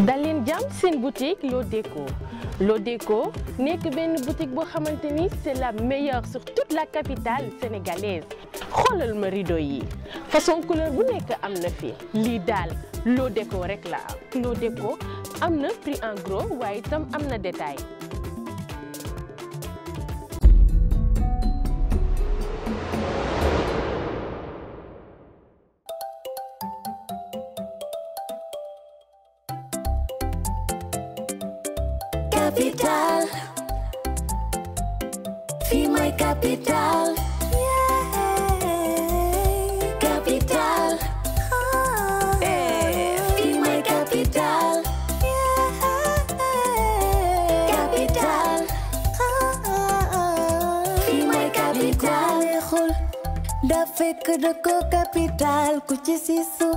dal Jam, c'est seen boutique Lodeco Lodeco nekk benn boutique boo xamante c'est la meilleure sur toute la capitale sénégalaise xoolal ma rideau yi façon couleur bu nek am na fi lii Lo Lodeco rek la Lo Lodeco am prix en gros waye tam am détail fekk dëkko capital ku ci siisu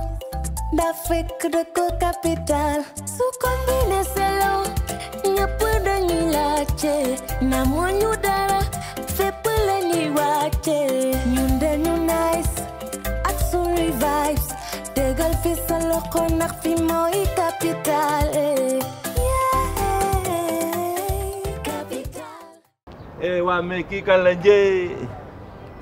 da fekk dëkko capital su kombine selo ñëpp dañuy laajte namoo ñu dara fépp la ñuy wàcce ñun dañu nice ak suñuy vibes tegal fi sa loxo fi mooy capital eh waa mais kii kan la njëy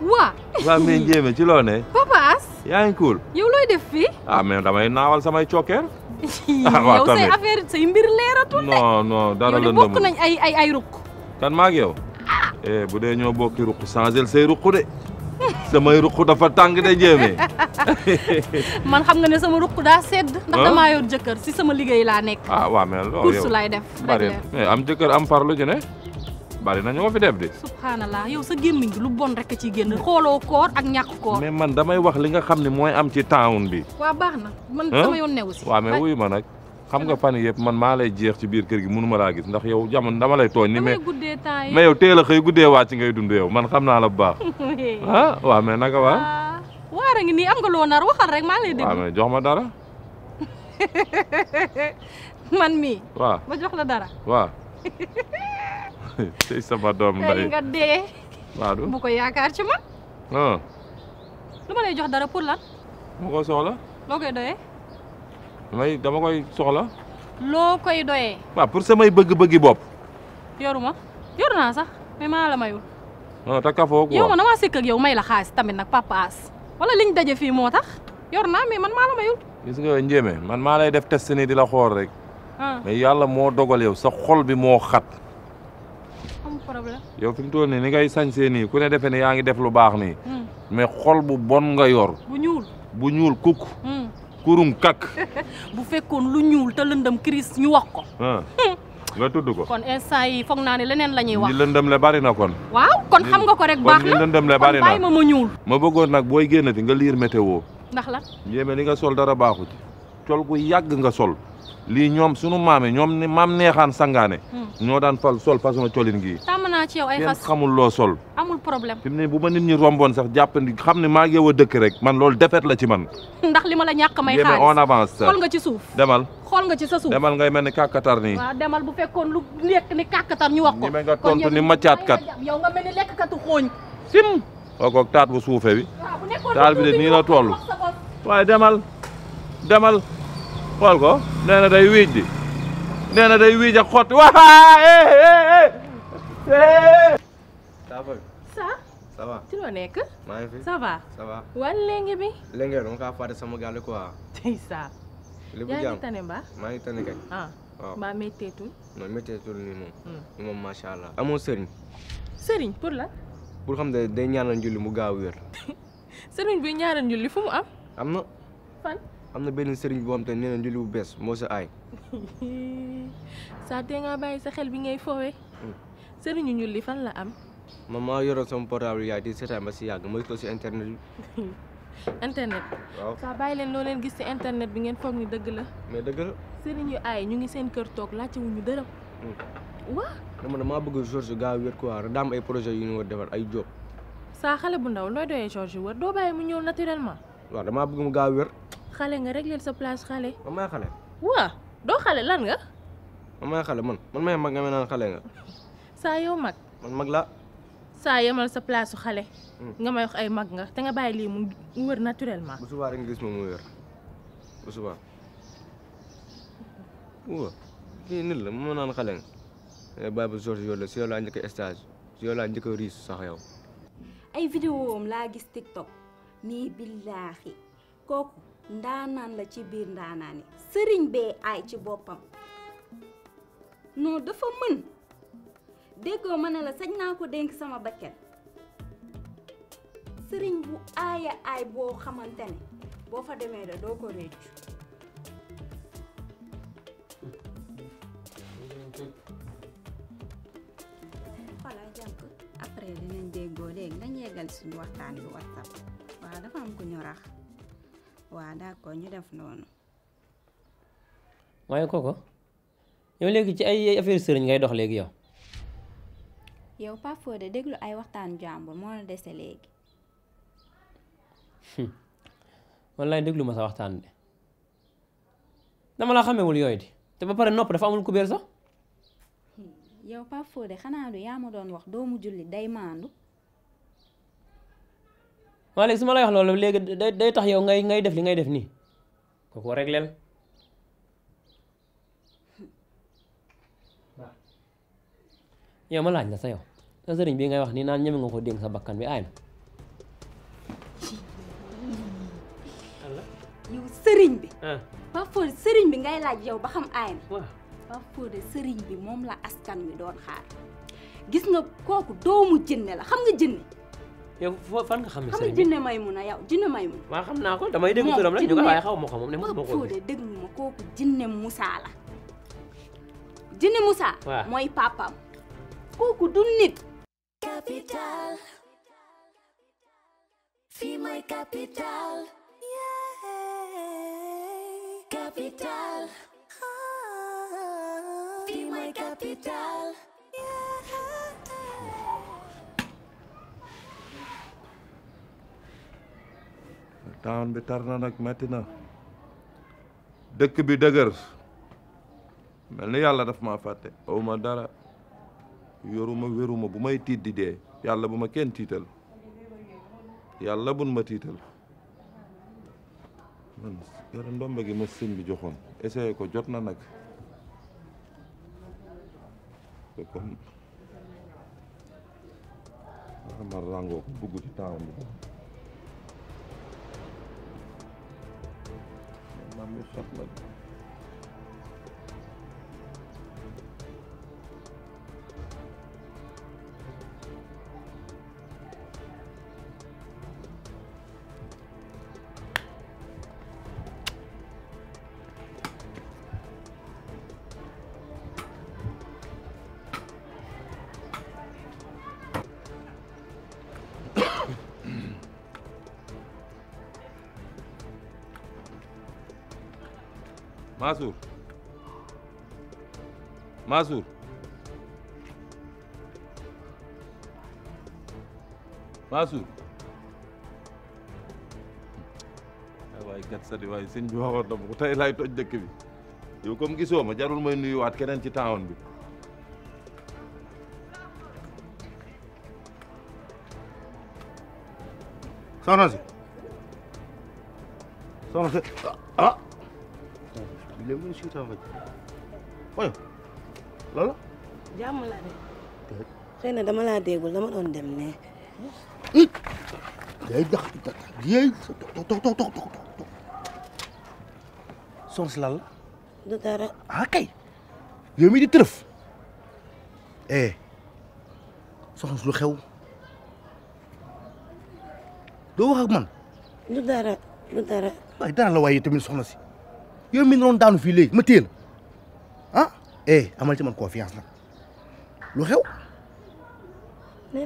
Wah, waaw mais njéeme ci ne papa as yaa cool yow looy def fii ah mais damay naawal samay cokkeer yow iya, ah, say affaire say mbir leeratul non non dara la bokk nañ ay ay ay ruk. kan maag yow eh bu dee ñoo bokki rukk changel say rukk de samay dafa de man xam nga ne sama rukk daa sedd ndax yor si sama liggéey laa nekk ah waaw mais oh, loolu yow course def bari eh, am jëkkër am farlu ci bari nañu ko fi def de subhanallah yow sa gemmiñ lu bon rek ci genn xolo koor ak ñak koor mais man damay wax li nga xamni moy am ci town bi wa baxna man dama yon newu ci wa mais wuy ma nak xam nga fan yëpp man ma lay jeex ci biir kër gi mënuma la gis ndax yow jamono dama lay togn ni mais mais yow teel xey guddé guddee wàcc ngay dund yow man xamna la baax ha ah, wa mais naka wa waara ngi ni am nga lo nar waxal rek ma lay dégg wa mais jox ma dara man mi wa ma jox la dara wa tey sama doom nday nga dee waaw bu ko yaakaar ci man ah oh. lu ma lay jox dara pour lan ma ko soxla loo koy doyee damay dama koy soxla loo koy doyee waaw pour samay bëgg-bëggi bopp yoruma yor naa sax mais maa oh, la mayul non ta kafoo quoi yow ma dama sikk ak yow may la xaalis tamit nag papa as wala liñ daje fii moo tax yor naa mais man maa la mayul gis nga njéeme man maa lay def test ni di la xool rek ah. mais yàlla ya moo dogal yow sa xol bi moo xat problème yow fi mu ni ngay sañsee nii ku ne defe ne yaa ngi def lu baax nii. Hmm. mais xol bu bon nga yor. bu ñuul bu ñuul kukk. Hmm. kurum kakk. bu fekkoon lu ñuul te lëndëm crise ñu wax ko. nga tudd ko kon instant yi foog naa ne leneen la ñuy wax. ñi lëndëm le bari na kon. waaw kon xam nga ko rek baax na kon lëndëm le bari na kon bàyyi ma ma ñuul. ma bëggoon nag booy génnati nga liir météo. ndax la yéeme li nga sol dara baaxu ci. col gu yàgg nga sol. lii ñoom sunu maamee ñoom ni maam neexaan sangaane. Hmm. ñoo daan fal sol a colin gii. tàmm naa ci yow ay xas xamul loo sol. amul problème fi bu ma nit ñi romboon sax jàpp ni xam ne maa ngi dëkk rek man lool defet la ci man. ndax li ma la ñàkk may xaalis on avance. xool nga ci suuf demal. xool nga ci sa suuf demal ni demal bu fekkoon lu lekk ni kàkkatar ñu wax ko. nga mel ni lekkatu xooñ. sim kooku taat bu suufee bi. taal bi de nii la toll waaye demal demal xol ko neena day wéej di nee day wéej ak xotti eh ça va. ça. ça va tu loo nekk. maa fi ça va. ça va wàllu lenge bi. lenge dama kaa fàtte sama gàll quoi. tey ça. lépp jàmm yaa tane mbaa. maa ngi tane kay. ah non hmm. allah. pour la. pour xam day ñaanal njulli mu gaaw wér. sëriñ bi ñaanal njulli fu mu am. fan. am na benn sëriñ boo xam te nee na julli bu bees moo sa aay. saa tee ngaa bàyyi sa xel bi ngay foowee. Hmm. sëriñu ñulli fan la am. man maa yoroon sama yaay di seetaan ba si yàgg ma ko si internet bi. internet. waaw leen loo leen gis si internet bi ngeen foog ni dëgg la. mais dëgg la. sëriñ yu aay ñu ngi seen kër toog laajte wuñu dërëm. Hmm. waaw. dama ne maa bëgg George gaaw wér quoi rek daa am projet yu ñu war defar ay job saa xale bu ndaw looy doyee George wër doo bàyyi mu ñëw naturellement. waaw damaa bëgg mu gaaw xale nga régler sa place xale. ma maa xale. waa do xale lan nga. ma maa xale man man may mag nga may naan xale nga. sa yow mag. man mag la. saa yemal sa place su xale. Hmm. nga may wax ay mag nga te nga bay li mu wër naturellement. bu subaa rek gis mu wër bu subaa. waa kii nit la mu nan xale nga. bàyyi eh, ba la si yow laa stage si yow laa sax yow. ay vidéo am gis TikTok ni billahi koku ndaanaan la ci biir ndaanaan yi sëriñ bee aay ci boppam non dafa mën déggoo ma ne la sañ naa ko dénk sama bakken sëriñ bu aaya aay boo xamante ne boo fa demee da doo ko réccu voilà jàpp après dinañ déggoo léegi dañ yeggal suñu waxtaan bi whatsapp waaw dafa am ku ñu rax waaw d'accord ñu def noonu. waaye ko yow léegi ci ay affaire sëriñ ngay dox léegi yow. yow Pape Fodé déglu ay waxtaan jàmbur moo la dese léegi. Hmm. wallaay déglu ma sa waxtaan de dama la xamewul yooyu di te ba pare nopp dafa amul kubéer sax. yow Pape Fodé xanaa du yaa ma doon wax doomu julli day maandu. maa léegi ma lay wax loolu léegi day tax yow ngay ngay def li ngay def nii koo ko régleel yow ma laaj la sa yow sa sëriñ bi ngay wax nii naan ñeme nga ko dénk sa bakkan bi aay na sëriñ bi ah. Pape Fodé sëriñ bi ngay laaj yow ba xam aay na Pape sëriñ bi moom la askan wi doon xaar gis nga kooku doomu jënne la xam nga jënne yow fan nga xam ne sëriñ bi xam nga jinne Maymuna yow jinne Maymuna waaw xam naa ko damay dégg turam sa ñu ko waaye xaw ne mosuma ko mooy papam kooku du capital taan bi tar na nag metti na dëkk bi dëgër mel ni yàlla daf maa fàtte awma dara yoruma wéruma bu may tiit di dee yàlla bu ma kenn tiital yàlla bun ma tiital man yara ndombe gi ma sëñ bi joxoon essayé ko jot na nag comme ma ràngoo ko bugg ci temps bi Lan bu saplar. Mansour Mansour Mansour waaye kat sadi waaye sëñ bi waxoon na bu tey laay toj dëkk bi yow comme gisoo ma jarul may nuyuwaat keneen ci taawoon bi soxna si soxna si ah, billahi mu ngi suytaan faj oyo lan la. jàmm la de. xëy na dama laa déggul dama doon dem ne. it day jax yéey toog toog toog toog toog soxna si lan la. du dara. ah kay yow mii di tërëf eh soxna si lu xew doo wax ak man. du dara du dara. waaye dara la waaye tamit soxna si. yow mi doon daanu fii léegi ma téye la ah eh amal man confiance nag lu xew.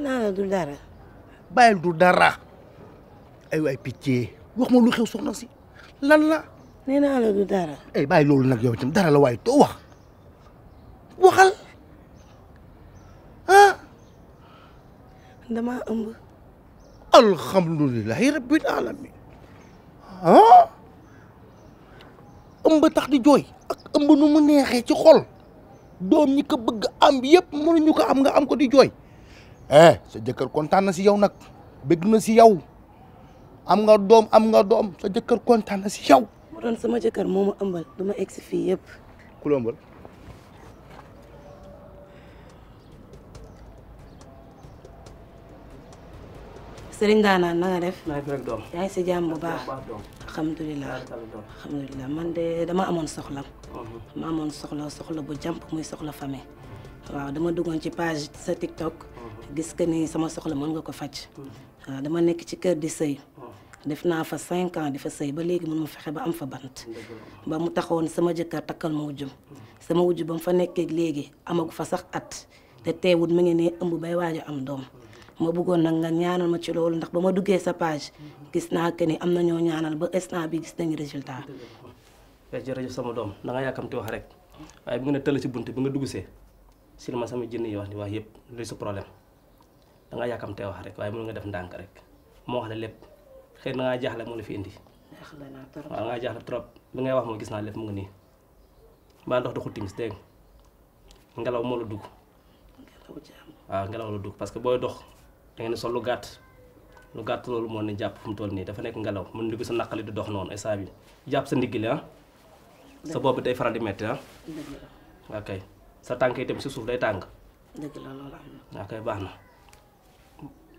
naa la du dara. bàyyil du dara ay waay pitié wax ma lu xew si lan la. nee naa la du dara. ay eh, bàyyi loolu nag yow itam dara la waaye doo wax waxal ah. damaa ëmb. alhamdulilah rabbil alamin ah. ëmb tax di joy ak ëmb nu mu nexé ci xol doom ñi ko bëgg am ñu ko am nga am ko di joy eh sa jëkkeur contane na yow nak bëgg na ci yow am nga doom am nga doom sa jëkkeur contane na yow. mo doon sama jëkkër moo ëmbal du ma egg si ku la ëmbal. Sëriñ na nga def. doom bu baax. alhamdulilah ah, alhamdulilah man de dama amoon soxla. Mhm. ma amoon soxla soxla bu jàmp muy soxla famille. waaw dama duggoon ci page sa TikTok. Mhm. gis que ni sama soxla mën nga ko faj. Mhm. waaw dama nekk ci kër di sëy. def naa fa cinq ans di fa sëy ba léegi mun ma fexe ba am fa bant. ba mu taxoon sama jëkkër takkal ma wujjum. sama wujju ba mu fa nekkee léegi amagu fa sax at. te teewut mi ngi ne ëmb bay waaj a am doom. ma bëggoon nag nga ñaanal ma ci loolu ndax ba ma duggee sa page gis naa que ni am na ñoo ñaanal ba instant bi gis nañu résultat. Eh, jërëjëf sama doom da nga yàkkamti wax rek waaye bi nga ne ci bunt bi nga dugg see sama jënn yi wax ni wax yëpp luy sa problème da nga yàkkamtee wax rek waaye mën nga def ndànk rek mo wax la lépp xëy na ngaa jaaxle moo la fi indi. waaw ngaa jaaxle trop bi ngay wax moom gis naa lépp mu ngi nii mbaa ndox doxul timis dégg ngelaw moo la dugg waaw ngelaw la dugg parce que booy dox da ngeen sol lu gàtt lu gàtt loolu moo ne jàpp fu mu toll nii dafa nekk ngelaw mën di sa naqali di dox noonu instant bi jàpp sa ndigg li ah sa boobu day faral di metti ah. sa tànk yi tamit si suuf day tànk dëgg la loolu am ok baax na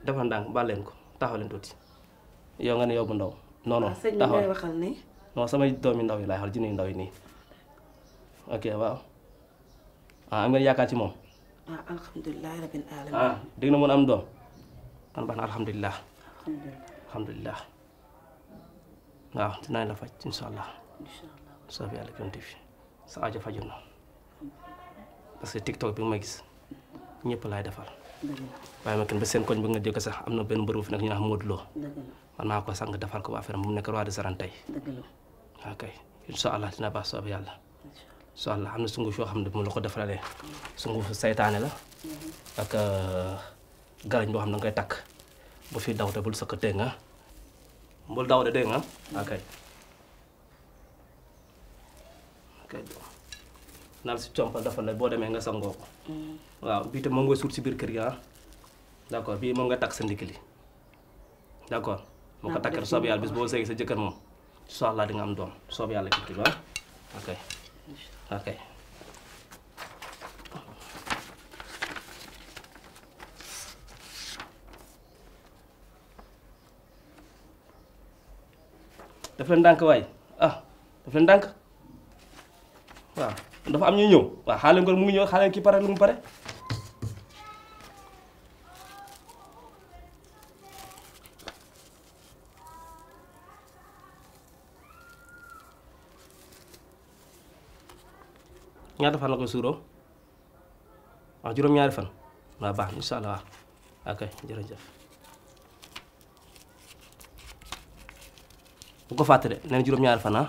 dafa ndànk baal leen ko taxaw leen tuuti yow nga ne yow bu ndaw non non ah, taxaw ni non samay doomi ndaw yi laay xool jinne ndaw yi nii ok waaw ah am nga yaakaar ci moom ah alhamdulilah na mën am doom kon baax na alhamdulilah. alhamdulilah waaw dinaa la faj incha allah. incha allah soob fi sa aajo fajoon laay defal. waaye ma kenn ba am na benn mbër bu fi nekk man maa ko sang defal ko ba affaire mu nekk roi de Sarane tey. waaw kay incha allah soob yàlla. am na sunguf yoo xam ne bu ma sunguf saytaane la ak. Euh, garagne boo xam ne nga koy takk bu fi daw te bul sekk dégg nga bul daw de dégg nga akay akay nal ci compal dafa lay bo demee nga sango ko mm. waaw bi te mo ngoy suut ci bir kër gi ya. d'accord bi mo nga tak sa ndigli d'accord mo ko takkar soob yalla bis bo sey sa jëkkër mom inshallah di nga am doom ba yàlla kii waaw ok ok daf leen ah daf leen ndànk waaw dafa am ñu ñëw waaw xaaral ko mu ngi ñëw xaaral ki pare lu mu pare ñaata fan la ko suuroo oke, jalan-jalan. fan bu ko fàtte de nee juróom-ñaari fan ah.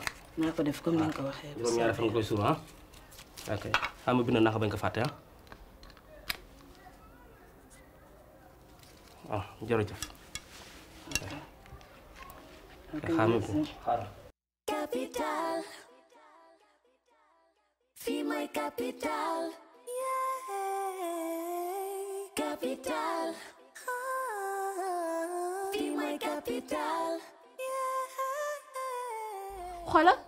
ko def comme ni ko waxe juróom-ñaari fana koy suur ha ah. ok xam nga bind naa ko bañ ko fàtte ah. ah jërëjëf. ok xam bu ko xaaral. capital fii mooy capital. capital Be ah, my capital. xoolal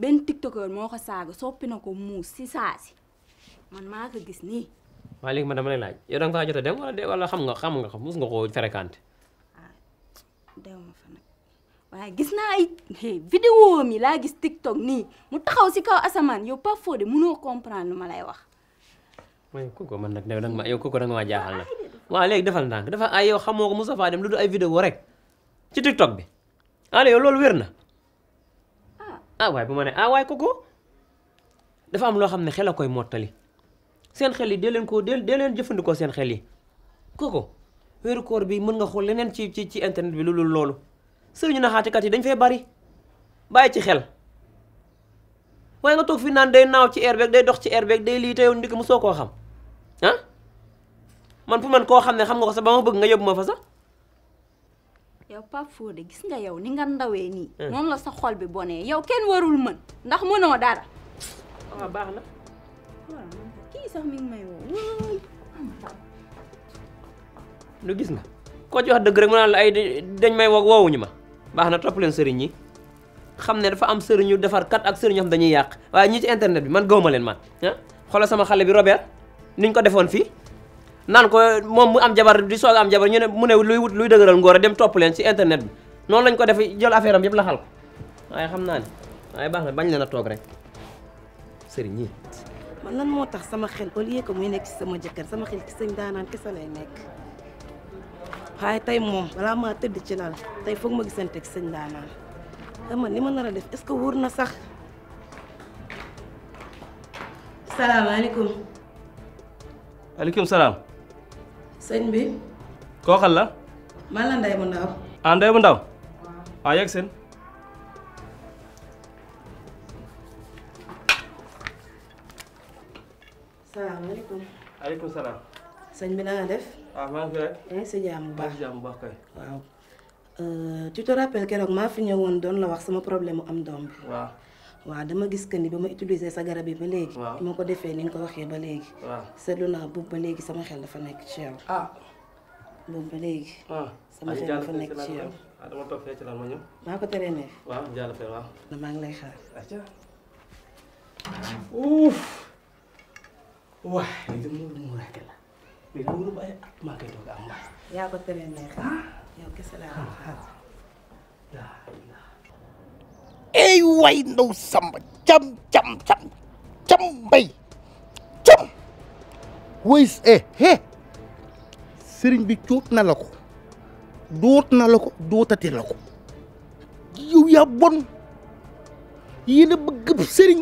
benn tiktoker moo ko saaga soppi na ko muus si saasi man maa ka gis nii. waaye léegi man dama lay laaj yow jot dem wala de wala xam nga xam nga mus nga koo fréquenté. ah dew ma fa nag waaye laa gis tiktok nii mu si kaw asamaan yow foo de mënoo comprendre ma lay wax. mooy ko man nag yow da nga ma yow kooku da nga maa jaaxal nag. waaw léegi defal ndànk dafa ay yow xamoo ko Moustapha dem lu dul ay vidéo rek ci tiktok bi. allez yow loolu wér na. ah waay bu ma ne ah waay koko dafa am loo xam ne xela koy mottali seen xel yi dee ko dee leen jëfandikoo seen xel yi koko weeru koor bi mën nga xool leneen ci ci ci internet bi lu loolu loolu sëriñu naxaatikat yi dañ fay bari bàyyi ci xel waaye nga toog fii naan day naaw ci air beeg day dox ci air beeg day lii te yow koo xam ah? man pour man koo xam ne xam nga ko sax ba bëgg nga yóbbu ma fa sax yow Pape Fodé gis nga yow ni nga ndawé ni moom eh. la sa xol bi boné yow kenn warul man ndax mëno dara waaw ah, baax na sax mi ngi may wo lu gis nga ko ci wax rek mo nan la ay dañ may wo na dafa am sëriñu defar kat ak sëriñu xam dañuy yaq waaye ñi ci internet bi man gawma len man ah sama xalé bi Robert niñ ko fi Nan ko mom mu am jabar di soog am jabar ñu ne mu ne luy wut luy deugural ngor dem top len ci internet bi non lañ ko def jël affaire am yëpp la xal ay waaye xam naa ne waaye bañ leena tok rek serigne man lan mo tax sama xel au lieu que muy nekk ci sama jëkkër sama xel ci sëñ daanaan kese lay nekk hay tay mom balaa ma tedd ci lan tay fook ma gisante ak señ daanan dama ni ma nara def est-ce que na sax alaykum alaykum Sen bi. ko xal la. man la nday bu Ndaw. ah Ndeye bu Ndaw. yak sen salam salaamaaleykum. aleykum salam sen bi na nga def. ah, ya, ah maa fi rek. Eh, yaa ngi si jàmm bu baax ah, jàmm bu baax kay. waaw eh, tu te rappelles kérok ma fi ñëwoon doon la wax sama problème mu am doom bi. waaw. waaw dama gis que ni ba ma utiliser sa garab yi ba léegi. waaw ma ko defee ni nga ko waxee ba léegi. waaw seetlu naa boobu ba léegi sama xel dafa nekk ci yow. ba léegi. sama xel dafa nekk ci yow. ah, ah. dama ah, maa ko teree ne. waaw jàll fee maa ngi lay xaar. uuf yaa ko teree ne ah. yow kese laa xaar. way ndaw samba cam cam cam cam mbay cam woy eh eh bi cuut na la ko doot na la ko dootati la ko yow bon yéen a bëgg sëriñ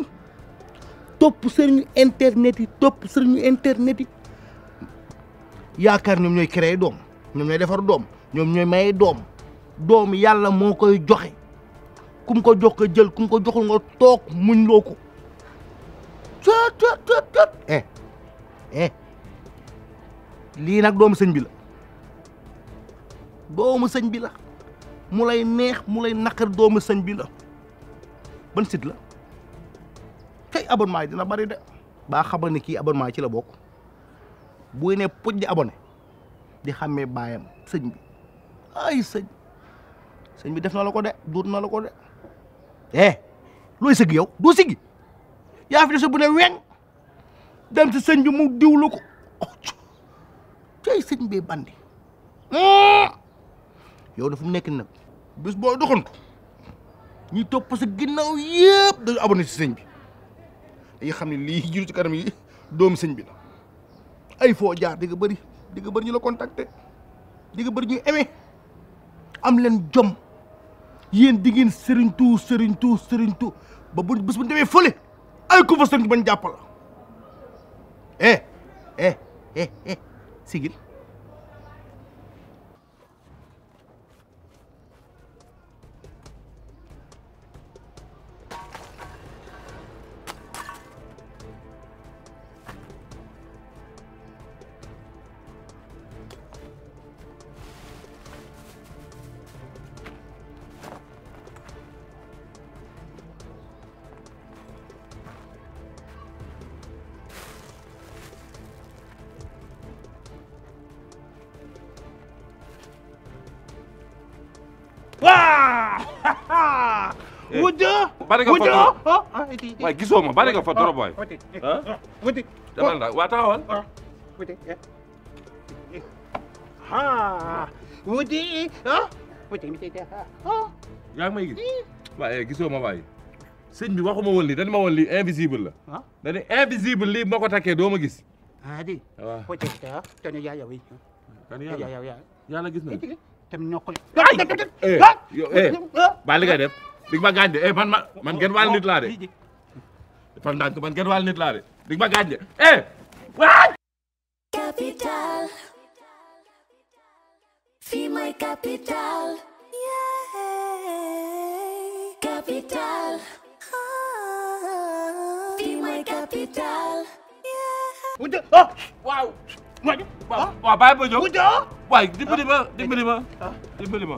topp sëriñu internet yi topp sëriñu internet yi yaakaar ñoom ñooy créer doom ñoom ñooy defar doom ñoom ñooy maye doom doom yàlla moo koy joxe ku ko jox ko jël ku ko joxul nga toog muñ loo ko cot cot cot cot eh eh lii nag doomu sëñ bi la doomu sëñ bi la mu lay neex mu lay naqar doomu sëñ bi la ban site la tey abonnement yi dina bari de baa xamal ne kii abonnement ci la bokk buy ne puj di abonné di xàmmee baayam sëñ ay sëñ sëñ bi def na la ko de duut na la de eh looy sëgg yow doo siggi yaa fi de sa bu ne weŋ dem si sëñ bi mu diwlu ko oh, cay sëñ bi bandi hmm. yow dafa mu nekk nag bis boo doxantu ñuy topp sa ginnaaw yëpp dañu abonné si sëñ bi dañuy xam ne lii jiru ci kanam yi doom sëñ bi la ay foo jaar di nga bëri di nga bëri ñu la contacté di nga am leen jom yéen di ngeen sëriñ tu sëriñ tu sëriñ tu ba bu bés bu demee fële ay ku fa sëriñ bañ jàppal eh eh eh eh sigil wujjoo. wujjoo ah ah iti iti waaye gisoo ma bari nga fa trop waay. ah wuti ah? ah, ah, demal la waa taxawal. wuti ah wuti ah wuti ah. yaa ngi may gis waaye eh, gisoo ma waay sëñ bi waxuma woon lii dañ ma woon lii invisible la. ah dañuy invisible lii ma ko takkee doo ma gis. ah di waaw wuti ah te ne yaa yow yi. kan yàlla yàlla gis na. tam ñoo ko. Eh, yow eh baa li ngay def. dig ma eh man ma oh, man genn wàll oh, nit laa oh, de defal ndànk man genn wàll nit laa de dig ma eh waay capital fii my capital capital ah. fii my capital wujjo oh waaw waaw wah, wah, ma jóg wujjo waay dimbali ma dimbali ma dimbali ma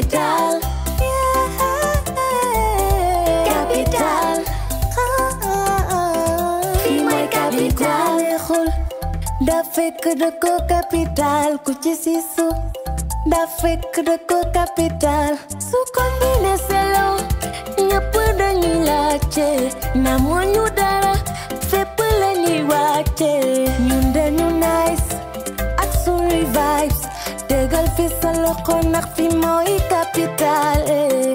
Capital. Yeah. Capital. fii mooy capital. neexul. daa fekk ko capital ku ci siisu. daa fekk dëkk ko capital. su kombine selo. ñëpp dañuy laajte. na mu ñu dara. fépp la ñuy wàcce. Golf ist ein Loch y Capitales